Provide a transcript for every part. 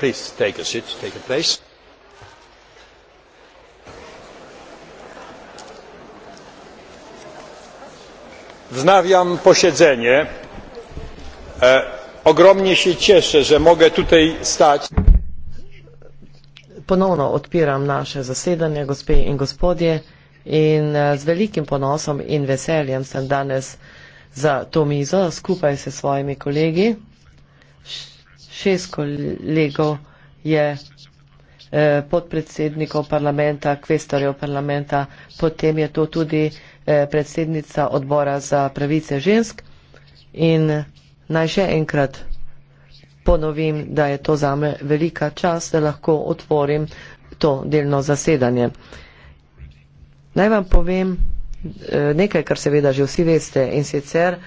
please take a seat take a place wznawiam posiedzenie e, ogromnie się cieszę że mogę tutaj stać ponowno odpieram nasze zasiedanie gospe i gospodzie in e, z velikim ponosom in veseljem sem danes za to mizo skupaj s svojimi kolegi šest kolegov je eh, podpredsednikov parlamenta, kvestorjev parlamenta, potem je to tudi eh, predsednica odbora za pravice žensk in naj še enkrat ponovim, da je to zame velika čas, da lahko otvorim to delno zasedanje. Naj vam povem eh, nekaj, kar seveda že vsi veste in sicer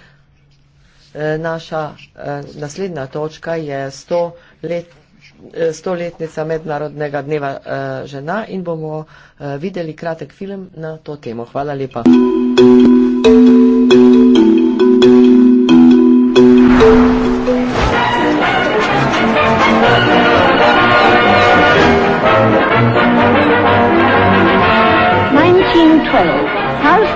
Eh, naša eh, naslednja točka je 100 let, eh, stoletnica mednarodnega dneva žena in bomo videli kratek film na to temo. Hvala lepa. thank you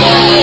Yeah.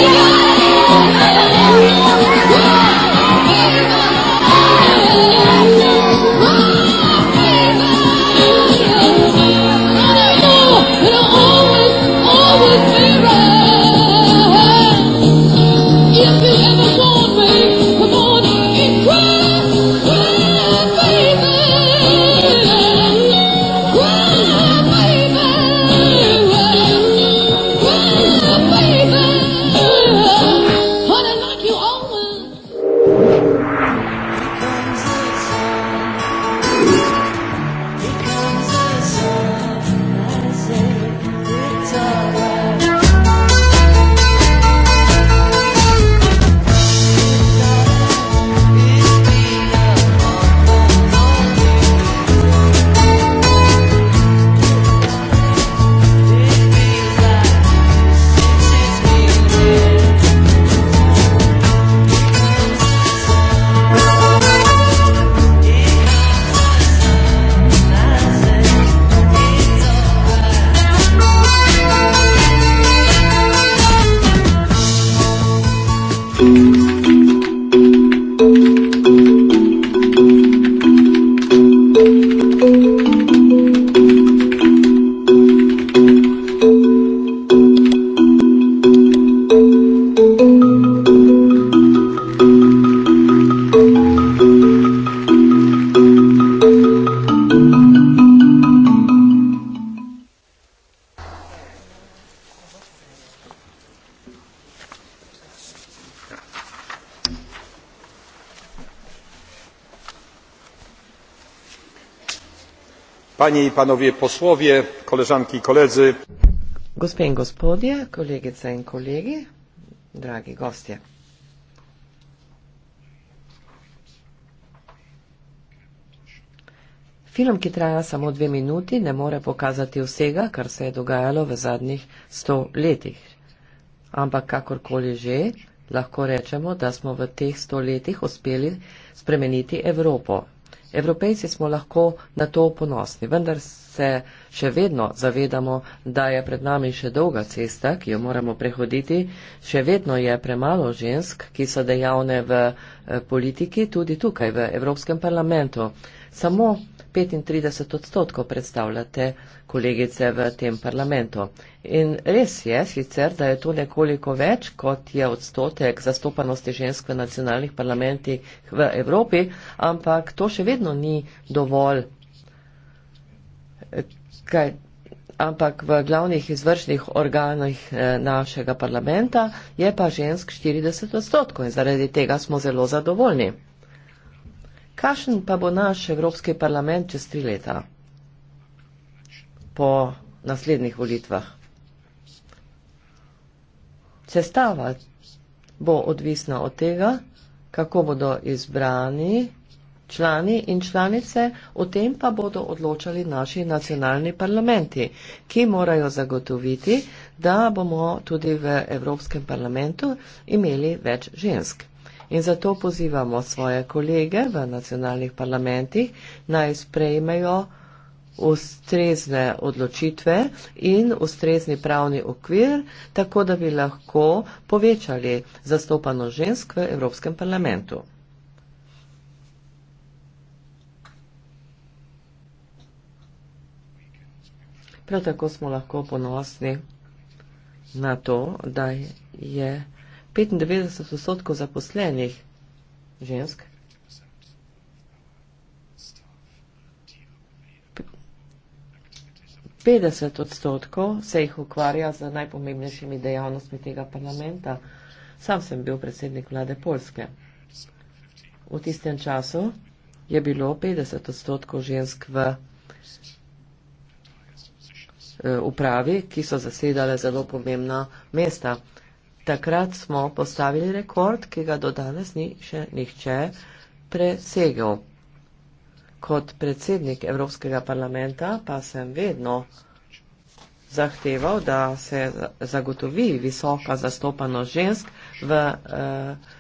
panie i panowie posłowie koleżanki i koledzy gospe in gospodje kolegice in kolegi dragi gostje film ki traja samo dve minuti ne more pokazati vsega kar se je dogajalo v zadnjih sto letih ampak kakorkoli že lahko rečemo da smo v teh sto letih uspeli spremeniti evropo Evropejci smo lahko na to ponosni, vendar se še vedno zavedamo, da je pred nami še dolga cesta, ki jo moramo prehoditi. Še vedno je premalo žensk, ki so dejavne v eh, politiki, tudi tukaj v Evropskem parlamentu. Samo 35 odstotkov predstavljate kolegice v tem parlamentu. In res je sicer, da je to nekoliko več, kot je odstotek zastopanosti žensk v nacionalnih parlamentih v Evropi, ampak to še vedno ni dovolj. Kaj, ampak v glavnih izvršnih organih eh, našega parlamenta je pa žensk 40 odstotkov in zaradi tega smo zelo zadovoljni. Kakšen pa bo naš Evropski parlament čez tri leta po naslednjih volitvah? Sestava bo odvisna od tega, kako bodo izbrani člani in članice, o tem pa bodo odločali naši nacionalni parlamenti, ki morajo zagotoviti, da bomo tudi v Evropskem parlamentu imeli več žensk. In zato pozivamo svoje kolege v nacionalnih parlamentih, naj sprejmejo ustrezne odločitve in ustrezni pravni okvir, tako da bi lahko povečali zastopano žensk v Evropskem parlamentu. Prav tako smo lahko ponosni na to, da je. 95 odstotkov zaposlenih žensk. P 50 odstotkov se jih ukvarja z najpomembnejšimi dejavnostmi tega parlamenta. Sam sem bil predsednik vlade Polske. V tistem času je bilo 50 odstotkov žensk v eh, upravi, ki so zasedale zelo pomembna mesta. Takrat smo postavili rekord, ki ga do danes ni še nihče presegel. Kot predsednik Evropskega parlamenta pa sem vedno zahteval, da se zagotovi visoka zastopanost žensk v eh,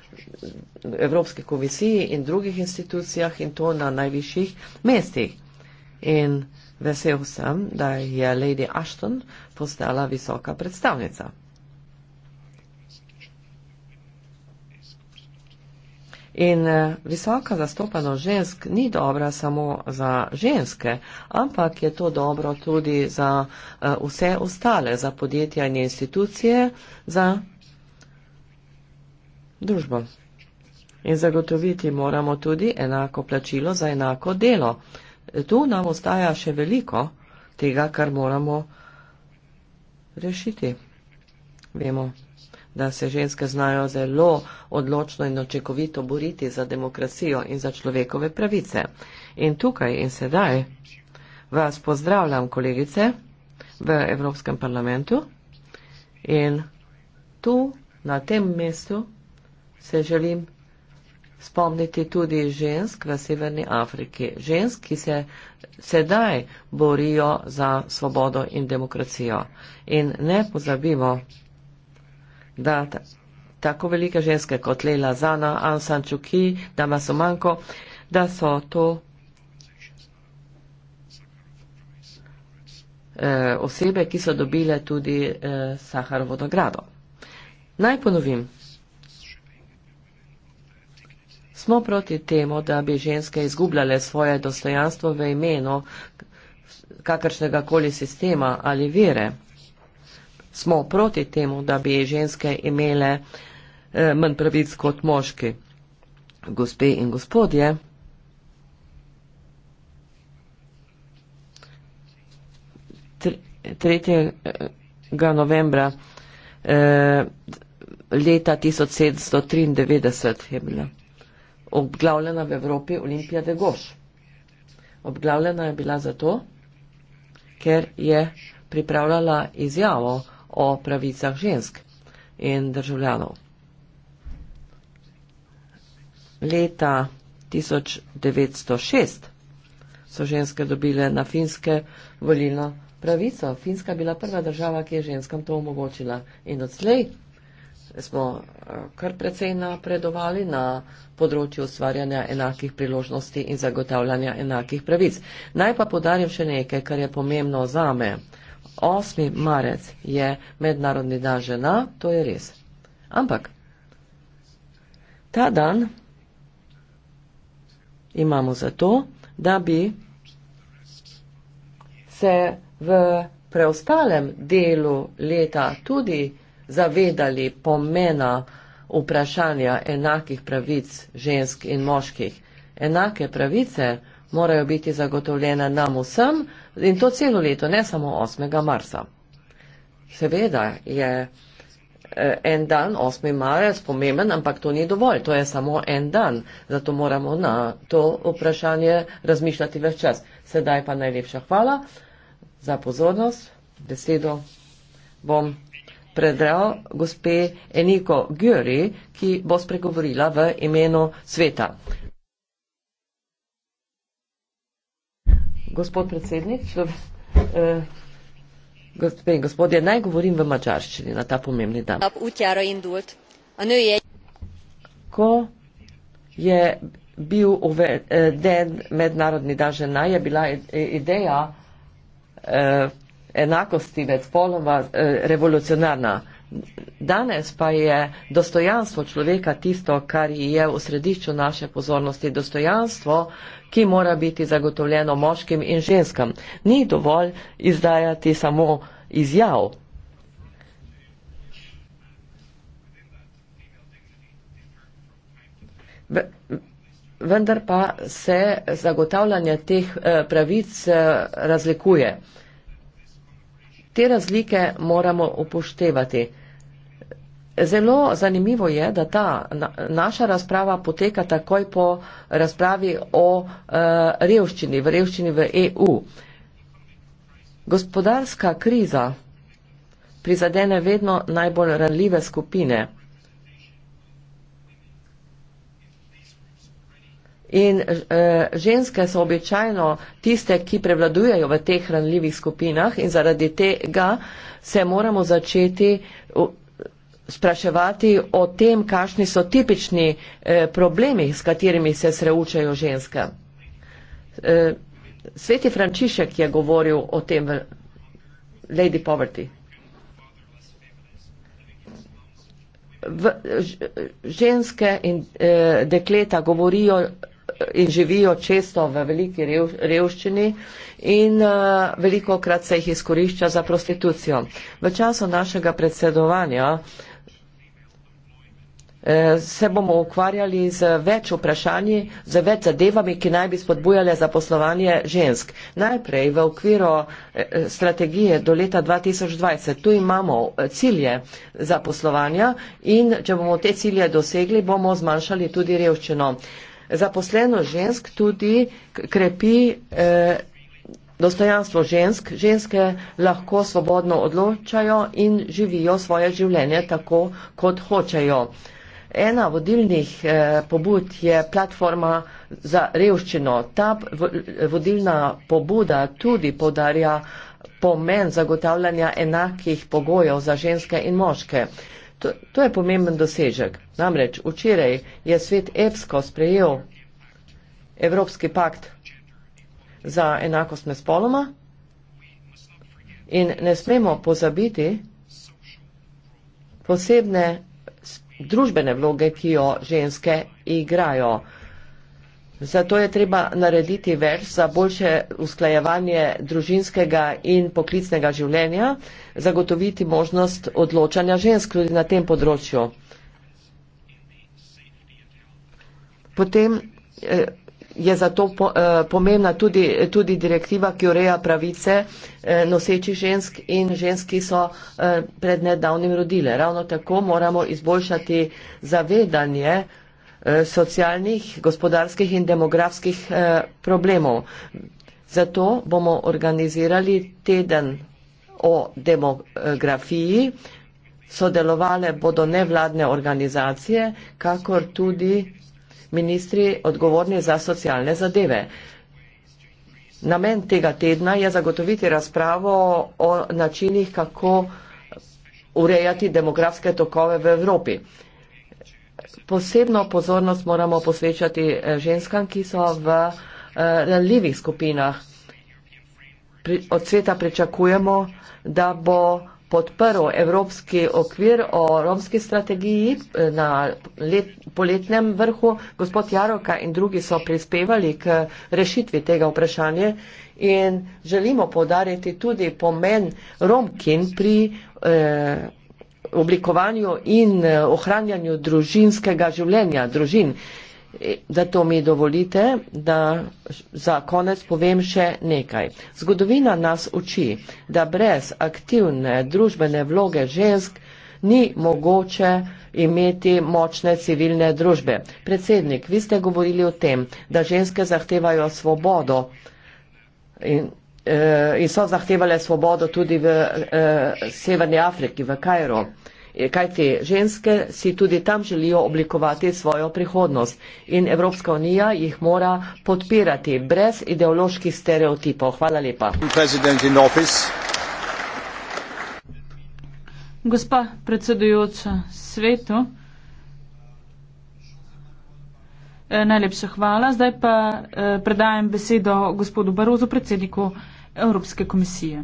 Evropski komisiji in drugih institucijah in to na najvišjih mestih. In vesel sem, da je Lady Ashton postala visoka predstavnica. In eh, visoka zastopanost žensk ni dobra samo za ženske, ampak je to dobro tudi za eh, vse ostale, za podjetja in institucije, za družbo. In zagotoviti moramo tudi enako plačilo za enako delo. Tu nam ostaja še veliko tega, kar moramo rešiti. Vemo, da se ženske znajo zelo odločno in očekovito boriti za demokracijo in za človekove pravice. In tukaj in sedaj vas pozdravljam, kolegice, v Evropskem parlamentu in tu na tem mestu se želim spomniti tudi žensk v Severni Afriki. Žensk, ki se sedaj borijo za svobodo in demokracijo. In ne pozabimo, da tako velike ženske kot Leila Zana, Aung San Suu Kyi, Dama Sumanko, da so to eh, osebe, ki so dobile tudi eh, Saharovo nagrado. Naj ponovim. Smo proti temu, da bi ženske izgubljale svoje dostojanstvo v imenu kakršnega koli sistema ali vere smo proti temu, da bi ženske imele eh, manj pravic kot moški. Gospe in gospodje, tretjega novembra eh, leta 1793 je bila obglavljena v Evropi Olimpija de Goš. Obglavljena je bila zato, ker je pripravljala izjavo, o pravicah žensk in državljanov. Leta 1906 so ženske dobile na finske volilno pravico. Finska je bila prva država, ki je ženskam to omogočila. In odslej smo eh, kar precej napredovali na področju ustvarjanja enakih priložnosti in zagotavljanja enakih pravic. Naj pa podarim še nekaj, kar je pomembno za me. 8. marec je mednarodni dan žena, to je res. Ampak ta dan imamo zato, da bi se v preostalem delu leta tudi zavedali pomena vprašanja enakih pravic žensk in moških. Enake pravice morajo biti zagotovljene nam vsem, In to celo leto, ne samo 8. marca. Seveda je eh, en dan, 8. marec, pomemben, ampak to ni dovolj, to je samo en dan. Zato moramo na to vprašanje razmišljati več čas. Sedaj pa najlepša hvala za pozornost. Besedo bom predal gospe Eniko Gjuri, ki bo spregovorila v imenu sveta. gospod predsednik, eh, gospe in gospodje, naj govorim v mačarščini na ta pomembni dan. Ko je bil uveden mednarodni dan žena, je bila ideja eh, enakosti med spoloma eh, revolucionarna. Danes pa je dostojanstvo človeka tisto, kar je v središču naše pozornosti. Dostojanstvo ki mora biti zagotovljeno moškim in ženskam. Ni dovolj izdajati samo izjav. V Vendar pa se zagotavljanje teh eh, pravic eh, razlikuje. Te razlike moramo upoštevati. Zelo zanimivo je, da ta na, naša razprava poteka takoj po razpravi o uh, revščini, v revščini v EU. Gospodarska kriza prizadene vedno najbolj ranljive skupine. In eh, ženske so običajno tiste, ki prevladujejo v teh ranljivih skupinah in zaradi tega se moramo začeti spraševati o tem, kakšni so tipični eh, problemi, s katerimi se srečujejo ženske. Eh, Sveti Frančišek je govoril o tem v Lady Poverty. V, ženske in eh, dekleta govorijo eh, in živijo često v veliki rev, revščini in eh, veliko krat se jih izkorišča za prostitucijo. V času našega predsedovanja eh, Eh, se bomo ukvarjali z več vprašanji, z več zadevami, ki naj bi spodbujale zaposlovanje žensk. Najprej v okviru eh, eh, strategije do leta 2020. Tu imamo cilje zaposlovanja in če bomo te cilje dosegli, bomo zmanjšali tudi revščino. Zaposleno žensk tudi krepi eh, dostojanstvo žensk. Ženske lahko svobodno odločajo in živijo svoje življenje tako, kot hočejo. Eh, Ena vodilnih eh, pobud je platforma za revščino. Ta vodilna pobuda tudi podarja pomen zagotavljanja enakih pogojev za ženske in moške. To, to je pomemben dosežek. Namreč včeraj je svet EPSKO sprejel Evropski pakt za enakost med spoloma in ne smemo pozabiti posebne družbene vloge, ki jo ženske igrajo. Zato je treba narediti več za boljše usklajevanje družinskega in poklicnega življenja, zagotoviti možnost odločanja žensk tudi na tem področju. Potem, eh, je zato po, eh, pomembna tudi, tudi direktiva, ki ureja pravice eh, nosečih žensk in žensk, ki so eh, pred nedavnim rodile. Ravno tako moramo izboljšati zavedanje eh, socialnih, gospodarskih in demografskih eh, problemov. Zato bomo organizirali teden o demografiji, sodelovale bodo nevladne organizacije, kakor tudi ministri odgovorni za socialne zadeve. Namen tega tedna je zagotoviti razpravo o načinih, kako urejati demografske tokove v Evropi. Posebno pozornost moramo posvečati eh, ženskam, ki so v eh, ranljivih skupinah. Od sveta pričakujemo, da bo podprl evropski okvir o romski strategiji eh, na let, poletnem vrhu. Gospod Jaroka in drugi so prispevali k rešitvi tega vprašanja in želimo podariti tudi pomen romkin pri eh, oblikovanju in eh, ohranjanju družinskega življenja, družin. Eh, da to mi dovolite, da za konec povem še nekaj. Zgodovina nas uči, da brez aktivne družbene vloge žensk ni mogoče imeti močne civilne družbe. Predsednik, vi ste govorili o tem, da ženske zahtevajo svobodo in, eh, in so zahtevale svobodo tudi v eh, Severni Afriki, v Kajru kajti ženske si tudi tam želijo oblikovati svojo prihodnost in Evropska unija jih mora podpirati brez ideoloških stereotipov. Hvala lepa. Gospa predsedujoča svetu, eh, najlepša hvala. Zdaj pa eh, predajem besedo gospodu Barozu, predsedniku Evropske komisije.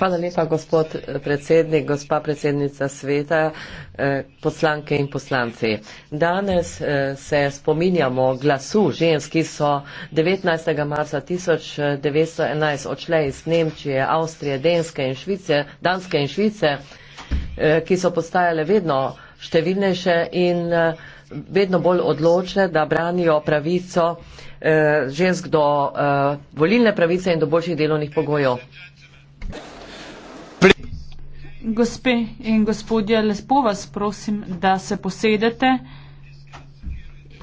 Hvala lepa, gospod predsednik, gospa predsednica sveta, eh, poslanke in poslanci. Danes eh, se spominjamo glasu žensk, ki so 19. marca 1911 odšle iz Nemčije, Avstrije, Denske in Švice, Danske in Švice, eh, ki so postajale vedno številnejše in vedno bolj odločne, da branijo pravico eh, žensk do eh, volilne pravice in do boljših delovnih pogojev. Gospe in gospodje, lepo vas prosim, da se posedete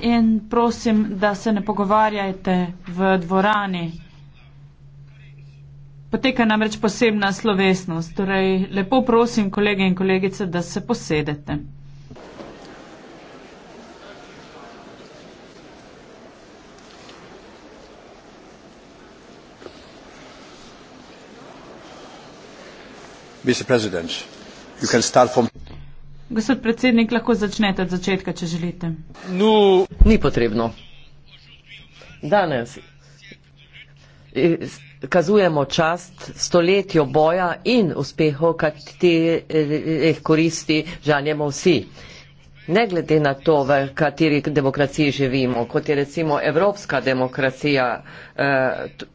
in prosim, da se ne pogovarjajte v dvorani. Poteka namreč posebna slovesnost. Torej, lepo prosim, kolege in kolegice, da se posedete. Gospod predsednik, lahko začnete od začetka, če želite. Ni potrebno. Danes kazujemo čast stoletju boja in uspehov, katerih koristi žanjemo vsi. Ne glede na to, v kateri demokraciji živimo, kot je recimo evropska demokracija, eh,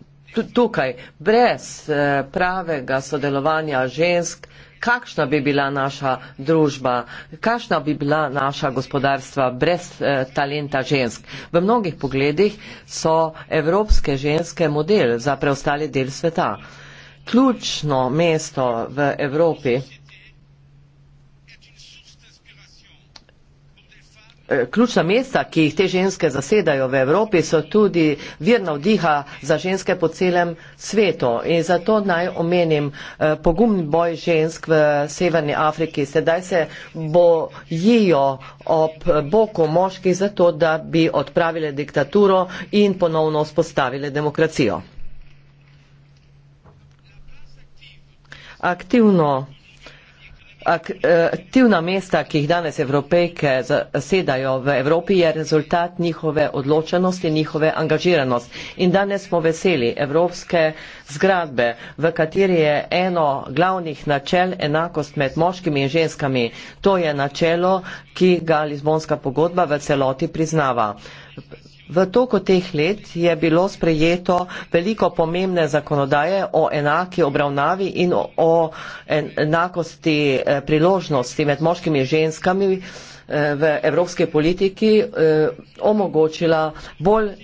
tukaj, brez eh, pravega sodelovanja žensk, kakšna bi bila naša družba, kakšna bi bila naša gospodarstva brez eh, talenta žensk. V mnogih pogledih so evropske ženske model za preostali del sveta. Ključno mesto v Evropi Eh, ključna mesta, ki jih te ženske zasedajo v Evropi, so tudi virna vdiha za ženske po celem svetu. In zato naj omenim eh, pogumn boj žensk v Severni Afriki. Sedaj se bojijo ob boku moških zato, da bi odpravile diktaturo in ponovno vzpostavile demokracijo. Aktivno Eh, aktivna mesta, ki jih danes evropejke sedajo v Evropi, je rezultat njihove odločenosti, njihove angažiranosti. In danes smo veseli evropske zgradbe, v kateri je eno glavnih načel enakost med moškimi in ženskami. To je načelo, ki ga Lizbonska pogodba v celoti priznava. V toku teh let je bilo sprejeto veliko pomembne zakonodaje o enaki obravnavi in o enakosti eh, priložnosti med moškimi in ženskami eh, v evropske politiki eh, omogočila bolj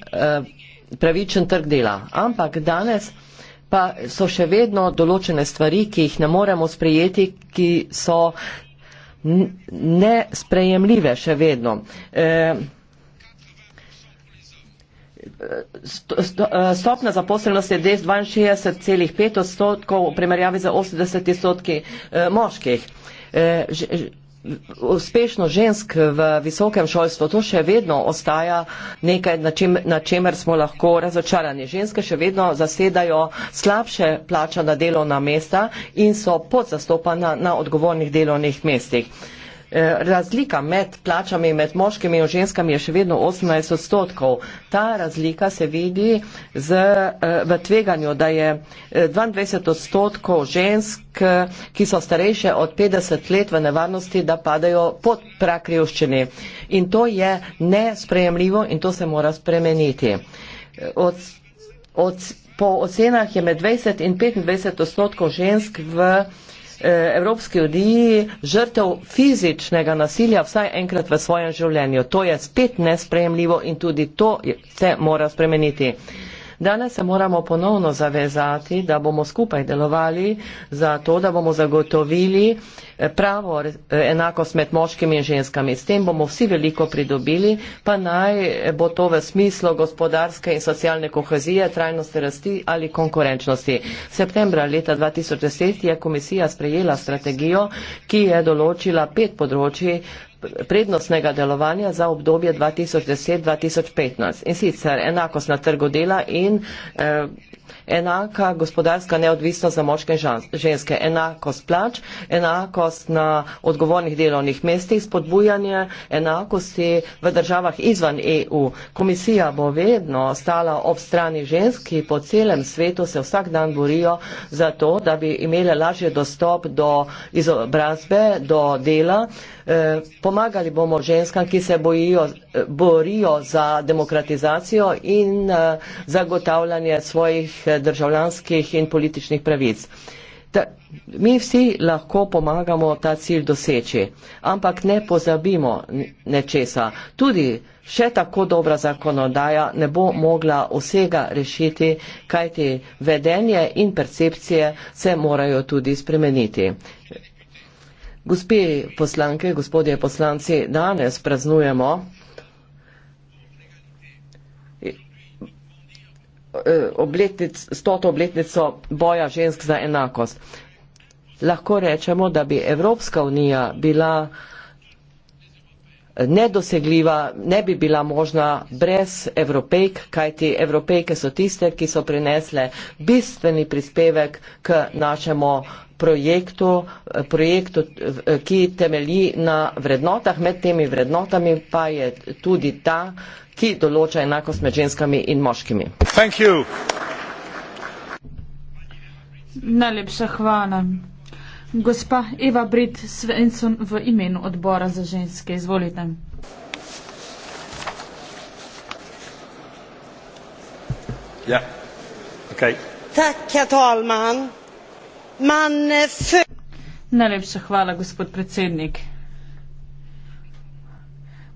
pravičen trg dela. Ampak danes pa so še vedno določene stvari, ki jih ne moremo sprejeti, ki so nesprejemljive še vedno. E, Eh, stopna zaposlenosti je des 62,5 odstotkov v primerjavi za 80 odstotki eh, moških. Eh, uspešno žensk v visokem šolstvu, to še vedno ostaja nekaj, na, čim, na čemer smo lahko razočarani. Ženske še vedno zasedajo slabše plačana delovna mesta in so podzastopana na odgovornih delovnih mestih. Eh, razlika med plačami med moškimi in ženskami je še vedno 18 odstotkov. Ta razlika se vidi z, eh, v tveganju, da je 22 eh, odstotkov žensk, ki so starejše od 50 let v nevarnosti, da padajo pod prakrivščini. In to je nesprejemljivo in to se mora spremeniti. Od, od, po ocenah je med 20 in 25 odstotkov žensk v Eh, Evropski uniji žrtev fizičnega nasilja vsaj enkrat v svojem življenju. To je spet nesprejemljivo in tudi to se mora spremeniti. Danes se moramo ponovno zavezati, da bomo skupaj delovali za to, da bomo zagotovili eh, pravo eh, enakost med moškimi in ženskami. S tem bomo vsi veliko pridobili, pa naj eh, bo to v smislu gospodarske in socialne kohezije, trajnosti rasti ali konkurenčnosti. Septembra leta 2010 je komisija sprejela strategijo, ki je določila pet področji prednostnega delovanja za obdobje 2010-2015. In sicer enakost na trgu dela in eh, enaka gospodarska neodvisnost za moške in ženske, enakost plač, enakost na odgovornih delovnih mestih, spodbujanje enakosti v državah izvan EU. Komisija bo vedno stala ob strani žensk, ki po celem svetu se vsak dan borijo za to, da bi imele lažje dostop do izobrazbe, do dela. Eh, pomagali bomo ženskam, ki se bojijo, eh, borijo za demokratizacijo in eh, zagotavljanje svojih državljanskih in političnih pravic. Ta, mi vsi lahko pomagamo ta cilj doseči, ampak ne pozabimo nečesa. Tudi še tako dobra zakonodaja ne bo mogla vsega rešiti, kajti vedenje in percepcije se morajo tudi spremeniti. Gospe poslanke, gospodje poslanci, danes praznujemo Eh, obletnic, stoto obletnico boja žensk za enakost. Lahko rečemo, da bi Evropska unija bila uh, nedosegljiva, ne bi bila možna brez evropejk, kajti evropejke so tiste, ki so prinesle bistveni prispevek k našemu projektu, projektu, ki temelji na vrednotah, med temi vrednotami pa je tudi ta, ki določa enakost med ženskami in moškimi. Najlepša hvala. Gospa Eva Brit Svensson v imenu odbora za ženske, izvolite. Ja, ok. Takja talman. Man eh, fø... Najlepša hvala, gospod predsednik.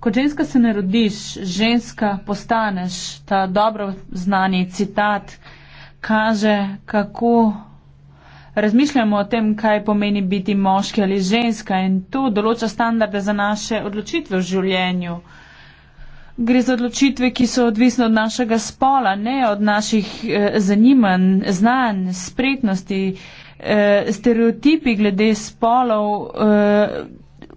Ko ženska se ne rodiš, ženska postaneš. Ta dobro znani citat kaže, kako razmišljamo o tem, kaj pomeni biti moški ali ženska in to določa standarde za naše odločitve v življenju. Gre za odločitve, ki so odvisne od našega spola, ne od naših eh, zanimanj, znanj, spretnosti. Eh, stereotipi glede spolov eh,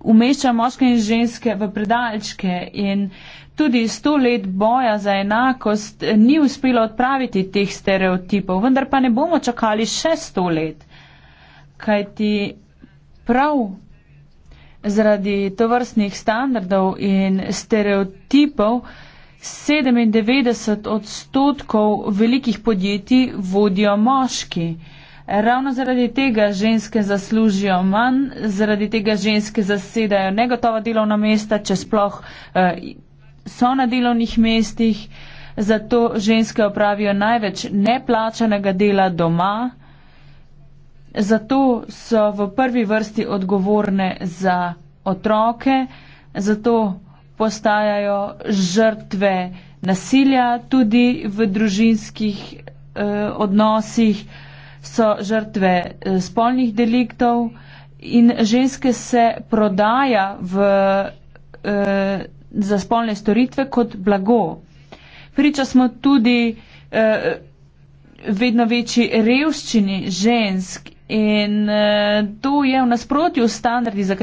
umešča moške in ženske v predalčke in Tudi sto let boja za enakost ni uspelo odpraviti teh stereotipov, vendar pa ne bomo čakali še sto let, kajti prav zaradi tovrstnih standardov in stereotipov 97 odstotkov velikih podjetij vodijo moški. Ravno zaradi tega ženske zaslužijo manj, zaradi tega ženske zasedajo negotova delovna mesta, če sploh eh, so na delovnih mestih, zato ženske opravijo največ neplačanega dela doma, zato so v prvi vrsti odgovorne za otroke, zato postajajo žrtve nasilja tudi v družinskih eh, odnosih, so žrtve eh, spolnih deliktov in ženske se prodaja v eh, za spolne storitve kot blago. Priča smo tudi eh, vedno večji revščini žensk in eh, to je v nasprotju s standardi, za,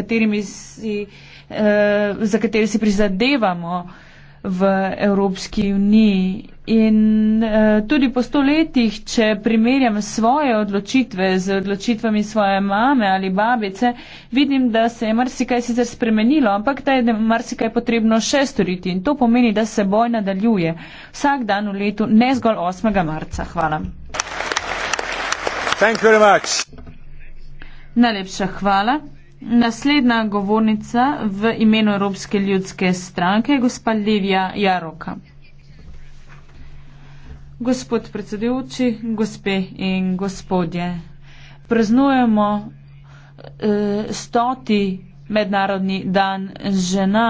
si, eh, za kateri si prizadevamo. Eh, v Evropski uniji. In uh, tudi po stoletjih, če primerjam svoje odločitve z odločitvami svoje mame ali babice, vidim, da se je marsikaj sicer spremenilo, ampak da je marsikaj potrebno še storiti. In to pomeni, da se boj nadaljuje vsak dan v letu, ne zgolj 8. marca. Hvala. Najlepša hvala. Naslednja govornica v imenu Evropske ljudske stranke je gospa Livija Jaroka. Gospod predsedujoči, gospe in gospodje, praznujemo eh, stoti mednarodni dan žena.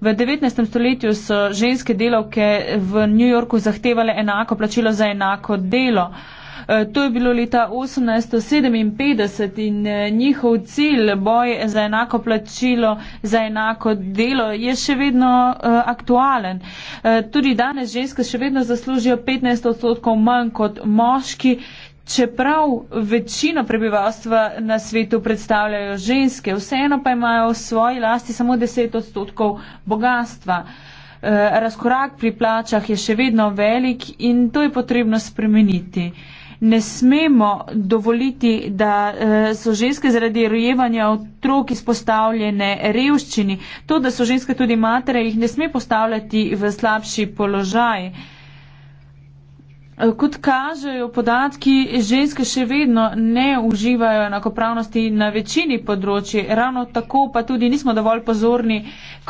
V 19. stoletju so ženske delavke v New Yorku zahtevale enako plačilo za enako delo. Eh, Eh, to je bilo leta 1857 in eh, njihov cilj, boj za enako plačilo, za enako delo, je še vedno eh, aktualen. Tudi danes ženske še vedno zaslužijo 15 odstotkov manj kot moški. Čeprav večino prebivalstva na svetu predstavljajo ženske, vseeno pa imajo v svoji lasti samo 10 odstotkov bogatstva. Razkorak pri plačah je še vedno velik in to je potrebno spremeniti ne smemo dovoliti, da eh, so ženske zaradi rojevanja otrok izpostavljene revščini. To, da so ženske tudi matere, jih ne sme postavljati v slabši položaj. Eh, kot kažejo podatki, ženske še vedno ne uživajo enakopravnosti na večini področji. Ravno tako pa tudi nismo dovolj pozorni,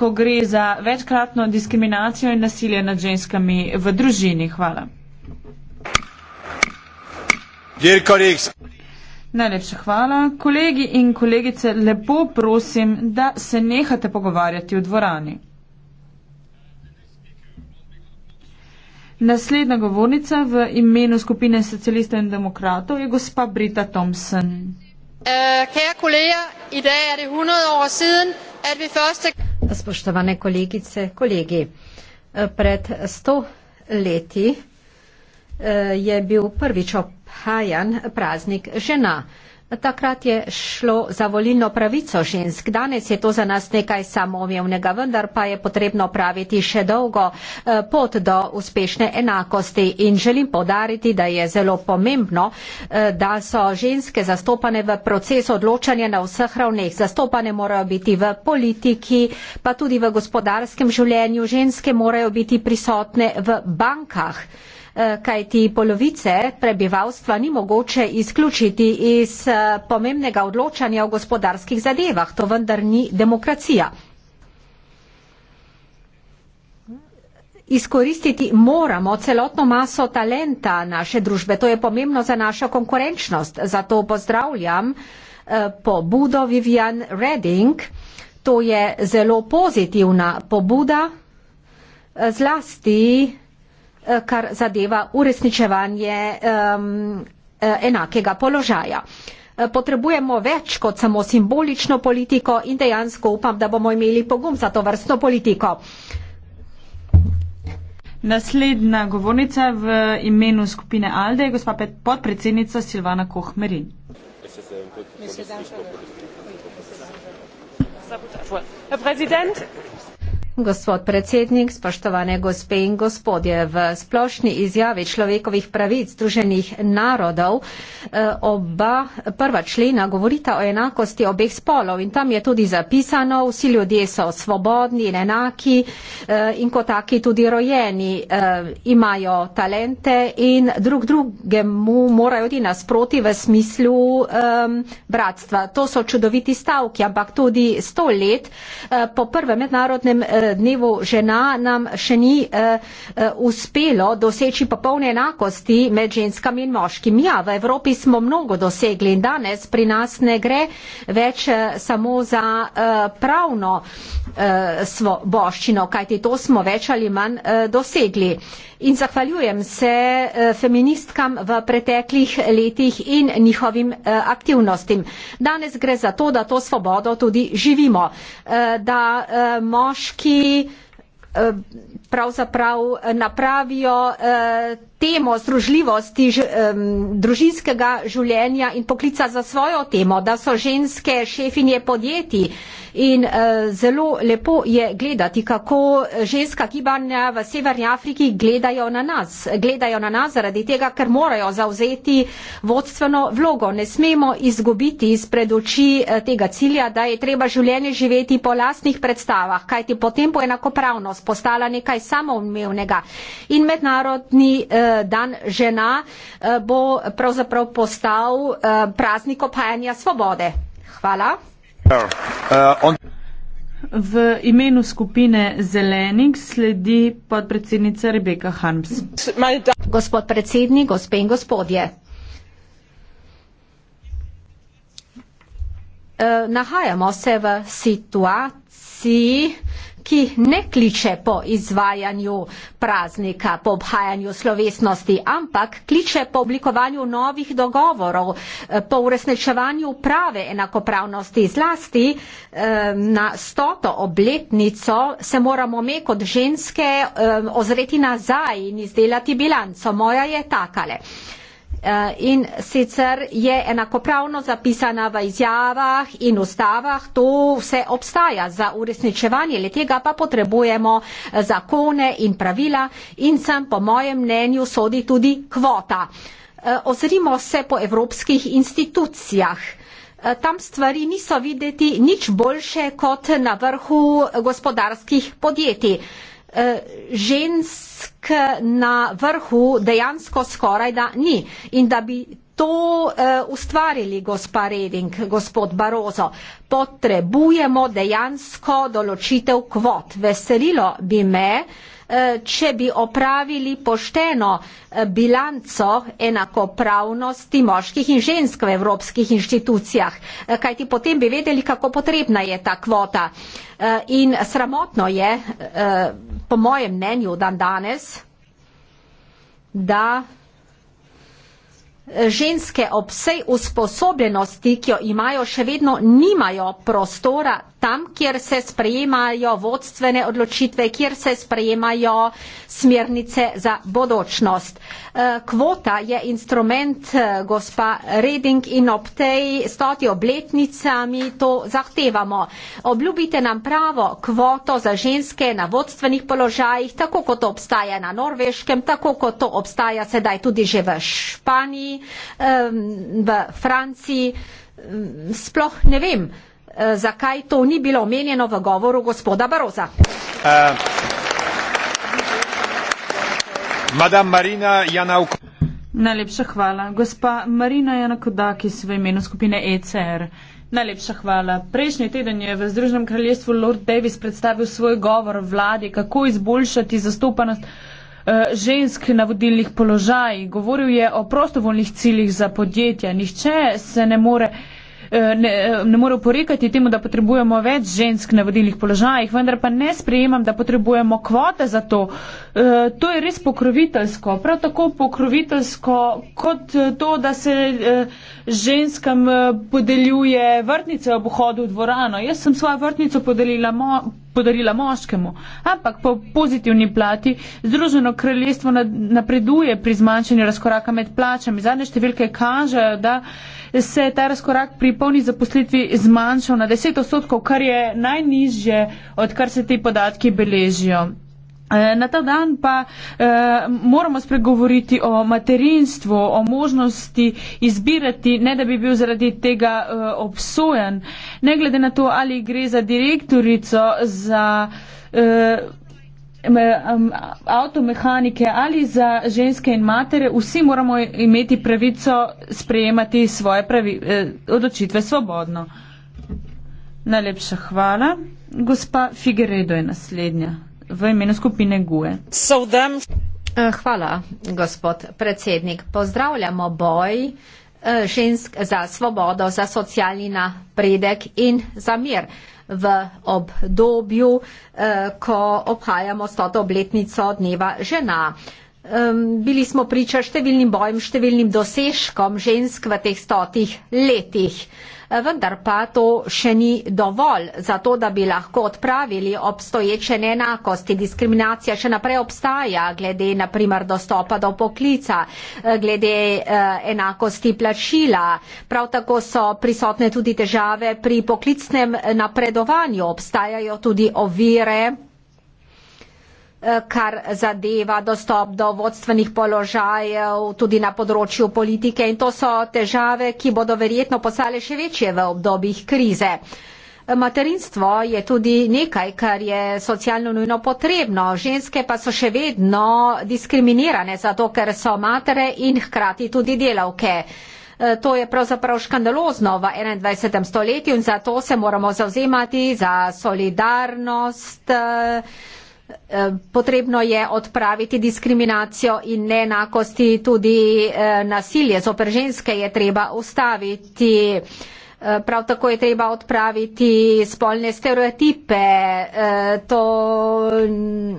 ko gre za večkratno diskriminacijo in nasilje nad ženskami v družini. Hvala. Dirko Riks. Najlepša hvala. Kolegi in kolegice, lepo prosim, da se nehate pogovarjati v dvorani. Naslednja govornica v imenu skupine socialistov in demokratov je gospa Brita Thompson. Eh, er Spoštovane kolegice, kolegi, eh, pred sto leti eh, je bil prvič Hajan, praznik žena. Takrat je šlo za volilno pravico žensk. Danes je to za nas nekaj samoumevnega, vendar pa je potrebno praviti še dolgo eh, pot do uspešne enakosti. In želim podariti, da je zelo pomembno, eh, da so ženske zastopane v procesu odločanja na vseh ravneh. Zastopane morajo biti v politiki, pa tudi v gospodarskem življenju. Ženske morajo biti prisotne v bankah. Eh, kajti polovice prebivalstva ni mogoče izključiti iz eh, pomembnega odločanja o gospodarskih zadevah. To vendar ni demokracija. Izkoristiti moramo celotno maso talenta naše družbe. To je pomembno za našo konkurenčnost. Zato pozdravljam eh, pobudo Vivian Redding. To je zelo pozitivna pobuda, zlasti Eh, kar zadeva uresničevanje um, enakega položaja. Eh, potrebujemo več kot samo simbolično politiko in dejansko upam, da bomo imeli pogum za to vrstno politiko. Naslednja govornica v imenu skupine ALDE je gospa podpredsednica Silvana Kohmerin. Herr Präsident, Gospod predsednik, spoštovane gospe in gospodje, v splošni izjavi človekovih pravic Združenih narodov eh, oba prva člena govorita o enakosti obeh spolov in tam je tudi zapisano, vsi ljudje so svobodni in enaki eh, in kot taki tudi rojeni, eh, imajo talente in drug drugemu morajo tudi nasproti v smislu um, bratstva. To so čudoviti stavki, ampak tudi sto let po prvem mednarodnem dnevu žena nam še ni eh, eh, uspelo doseči popolne enakosti med ženskami in moškimi. Ja, v Evropi smo mnogo dosegli in danes pri nas ne gre več eh, samo za pravno svoboščino, kajti to smo več ali manj dosegli. In zahvaljujem se feministkam v preteklih letih in njihovim aktivnostim. Danes gre za to, da to svobodo tudi živimo, da moški Eh, pravzaprav eh, napravijo eh, temo združljivosti um, družinskega življenja in poklica za svojo temo, da so ženske šefinje podjetij in uh, zelo lepo je gledati, kako ženska gibanja v Severni Afriki gledajo na nas. Gledajo na nas zaradi tega, ker morajo zauzeti vodstveno vlogo. Ne smemo izgubiti izpred oči eh, tega cilja, da je treba življenje živeti po lastnih predstavah, kajti potem bo enakopravnost postala nekaj samoumevnega. In mednarodni uh, dan žena eh, bo pravzaprav postal eh, praznik opajanja svobode. Hvala. Eh, v imenu skupine Zelenik sledi podpredsednica Rebeka Harms. Gospod predsednik, gospe in gospodje. Nahajamo se v situaciji, ki ne kliče po izvajanju praznika, po obhajanju slovesnosti, ampak kliče po oblikovanju novih dogovorov, eh, po uresničevanju prave enakopravnosti. Zlasti eh, na stoto obletnico se moramo mi kot ženske eh, ozreti nazaj in izdelati bilanco. Moja je takale. Eh, in sicer je enakopravno zapisana v izjavah in ustavah, to vse obstaja. Za uresničevanje letega pa potrebujemo eh, zakone in pravila in sem po mojem mnenju sodi tudi kvota. Eh, ozrimo se po evropskih institucijah. Tam stvari niso videti nič boljše kot na vrhu gospodarskih podjetij. Eh, žensk na vrhu dejansko skoraj da ni. In da bi to eh, ustvarili, gospa Reding, gospod Barozo, potrebujemo dejansko določitev kvot. Veselilo bi me, Eh, če bi opravili pošteno eh, bilanco enakopravnosti moških in žensk v evropskih inštitucijah, eh, kajti potem bi vedeli, kako potrebna je ta kvota. In sramotno je, po mojem mnenju, dan danes, da ženske ob vsej usposobljenosti, ki jo imajo, še vedno nimajo prostora tam, kjer se sprejemajo vodstvene odločitve, kjer se sprejemajo smernice za bodočnost. Eh, kvota je instrument eh, gospa Reding in ob tej stoti obletnicami to zahtevamo. Obljubite nam pravo kvoto za ženske na vodstvenih položajih, tako kot obstaja na norveškem, tako kot to obstaja sedaj tudi že v Španiji, ehm, v Franciji. Ehm, sploh ne vem, Eh, zakaj to ni bilo omenjeno v govoru gospoda Baroza. Uh, Najlepša hvala. Gospa Marina Janakodakis v imenu skupine ECR. Najlepša hvala. Prejšnji teden je v Združenem kraljestvu Lord Davis predstavil svoj govor vladi, kako izboljšati zastopanost eh, žensk na vodilnih položajih. Govoril je o prostovoljnih ciljih za podjetja. Nihče se ne more Eh, ne, ne more oporekati temu, da potrebujemo več žensk na vodilnih položajih, vendar pa ne sprejemam, da potrebujemo kvote za to. Eh, to je res pokroviteljsko, prav tako pokroviteljsko kot eh, to, da se ženskam eh, podeljuje vrtnice ob hodu v dvorano. Jaz sem svojo vrtnico podelila, mo podelila moškemu, ampak po pozitivni plati Združeno kraljestvo napreduje pri zmanjšanju razkoraka med plačami. Zadnje številke kažejo, da se je ta razkorak pri polni zaposlitvi zmanjšal na 10 odstotkov, kar je najnižje, odkar se ti podatki beležijo. Eh, na ta dan pa eh, moramo spregovoriti o materinstvu, o možnosti izbirati, ne da bi bil zaradi tega eh, obsojen. Ne glede na to, ali gre za direktorico, za eh, avtomehanike ali za ženske in matere, vsi moramo imeti pravico sprejemati svoje pravi, eh, odločitve svobodno. Najlepša hvala. Gospa Figueredo je naslednja v imenu skupine GUE. Eh, hvala, gospod predsednik. Pozdravljamo boj eh, žensk za svobodo, za socialni napredek in za mir v obdobju, eh, ko obhajamo 100. obletnico dneva žena. Bili smo priča številnim bojem, številnim dosežkom žensk v teh stotih letih vendar pa to še ni dovolj za to, da bi lahko odpravili obstoječe neenakosti. Diskriminacija še naprej obstaja glede na primer dostopa do poklica, eh, glede eh, enakosti plačila. Prav tako so prisotne tudi težave pri poklicnem eh, napredovanju. Obstajajo tudi ovire Eh, kar zadeva dostop do vodstvenih položajev tudi na področju politike in to so težave, ki bodo verjetno postale še večje v obdobjih krize. Materinstvo je tudi nekaj, kar je socialno nujno potrebno. Ženske pa so še vedno diskriminirane, zato ker so matere in hkrati tudi delavke. Eh, to je pravzaprav škandalozno v 21. stoletju in zato se moramo zauzemati za solidarnost eh, Eh, potrebno je odpraviti diskriminacijo in neenakosti, tudi eh, nasilje zoper ženske je treba ustaviti. Eh, prav tako je treba odpraviti spolne stereotipe. To mm,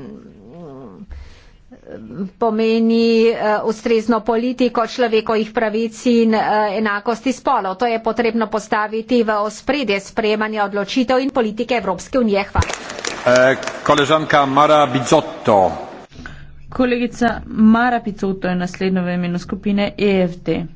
pomeni ustrezno politiko človekovih pravic in enakosti spolov. To je potrebno postaviti v ospredje sprejemanja odločitev in politike Evropske unije. Hvala. E, Kolegica Mara Picotto je naslednja v imenu skupine EFD. E,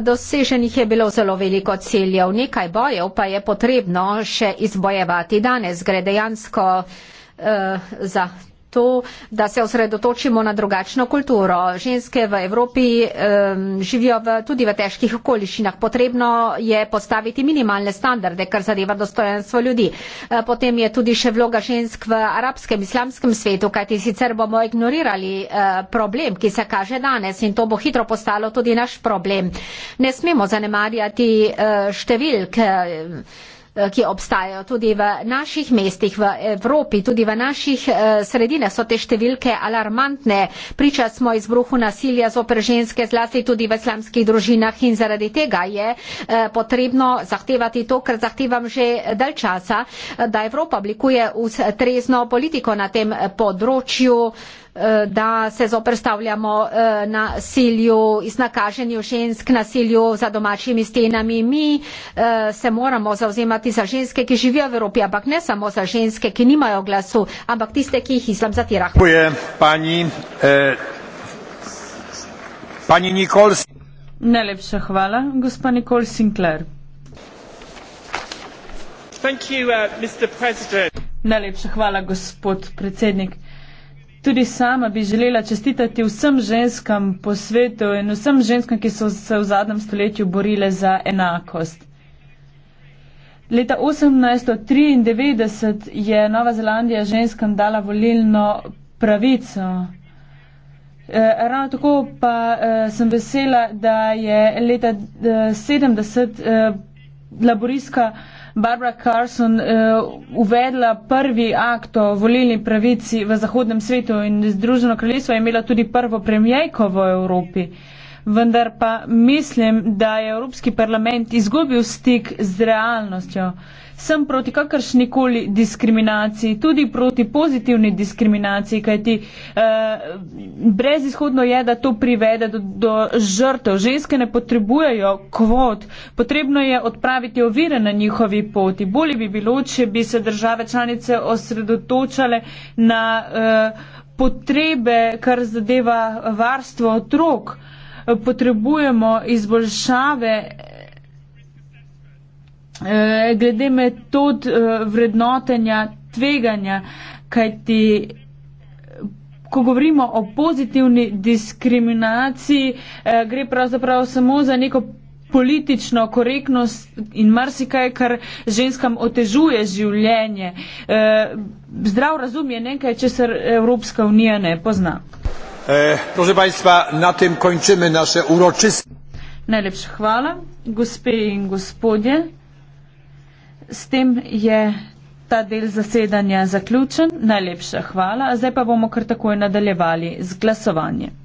doseženih je bilo zelo veliko ciljev, nekaj bojev pa je potrebno še izbojevati. Danes gre dejansko uh, za to, da se osredotočimo na drugačno kulturo. Ženske v Evropi um, živijo v, tudi v težkih okoliščinah. Potrebno je postaviti minimalne standarde, kar zadeva dostojenstvo ljudi. E, potem je tudi še vloga žensk v arabskem, islamskem svetu, kajti sicer bomo ignorirali uh, problem, ki se kaže danes in to bo hitro postalo tudi naš problem. Ne smemo zanemarjati uh, številk. Uh, Eh, ki obstajajo tudi v naših mestih, v Evropi, tudi v naših eh, sredinah so te številke alarmantne. Priča smo izbruhu nasilja z opre ženske, zlasti tudi v islamskih družinah in zaradi tega je eh, potrebno zahtevati to, kar zahtevam že dalj časa, da Evropa oblikuje ustrezno politiko na tem področju. Eh, da se zoprstavljamo eh, nasilju, iznakaženju žensk, nasilju za domačimi stenami. Mi eh, se moramo zauzemati za ženske, ki živijo v Evropi, ampak ne samo za ženske, ki nimajo glasu, ampak tiste, ki jih islam zatira. Najlepša hvala, gospa Nicole Sinclair. Uh, Najlepša hvala, gospod predsednik. Tudi sama bi želela čestitati vsem ženskam po svetu in vsem ženskam, ki so se v zadnjem stoletju borile za enakost. Leta 1893 je Nova Zelandija ženskam dala volilno pravico. E, ravno tako pa e, sem vesela, da je leta 1970 eh, e, e, laboristka. Barbara Carson uh, uvedla prvi akt o volilni pravici v zahodnem svetu in Združeno kraljestvo je imela tudi prvo premijajko v Evropi. Vendar pa mislim, da je Evropski parlament izgubil stik z realnostjo. Uh, sem proti kakršni koli diskriminaciji, tudi proti pozitivni diskriminaciji, kajti eh, brezizhodno je, da to privede do, do žrtev. Ženske ne potrebujejo kvot, potrebno je odpraviti ovire na njihovi poti. Bolje bi bilo, če bi se države članice osredotočale na eh, potrebe, kar zadeva varstvo otrok. Potrebujemo izboljšave Eh, glede metod eh, vrednotenja tveganja, kajti ko govorimo o pozitivni diskriminaciji, eh, gre pravzaprav samo za neko politično korektnost in marsikaj, kar ženskam otežuje življenje. Zdrav razum je nekaj, če se Evropska unija ne pozna. Prosim, pa na tem končujemo naše uročiste. Najlepša hvala, gospe in gospodje s tem je ta del zasedanja zaključen. Najlepša hvala. Zdaj pa bomo kar takoj nadaljevali z glasovanjem.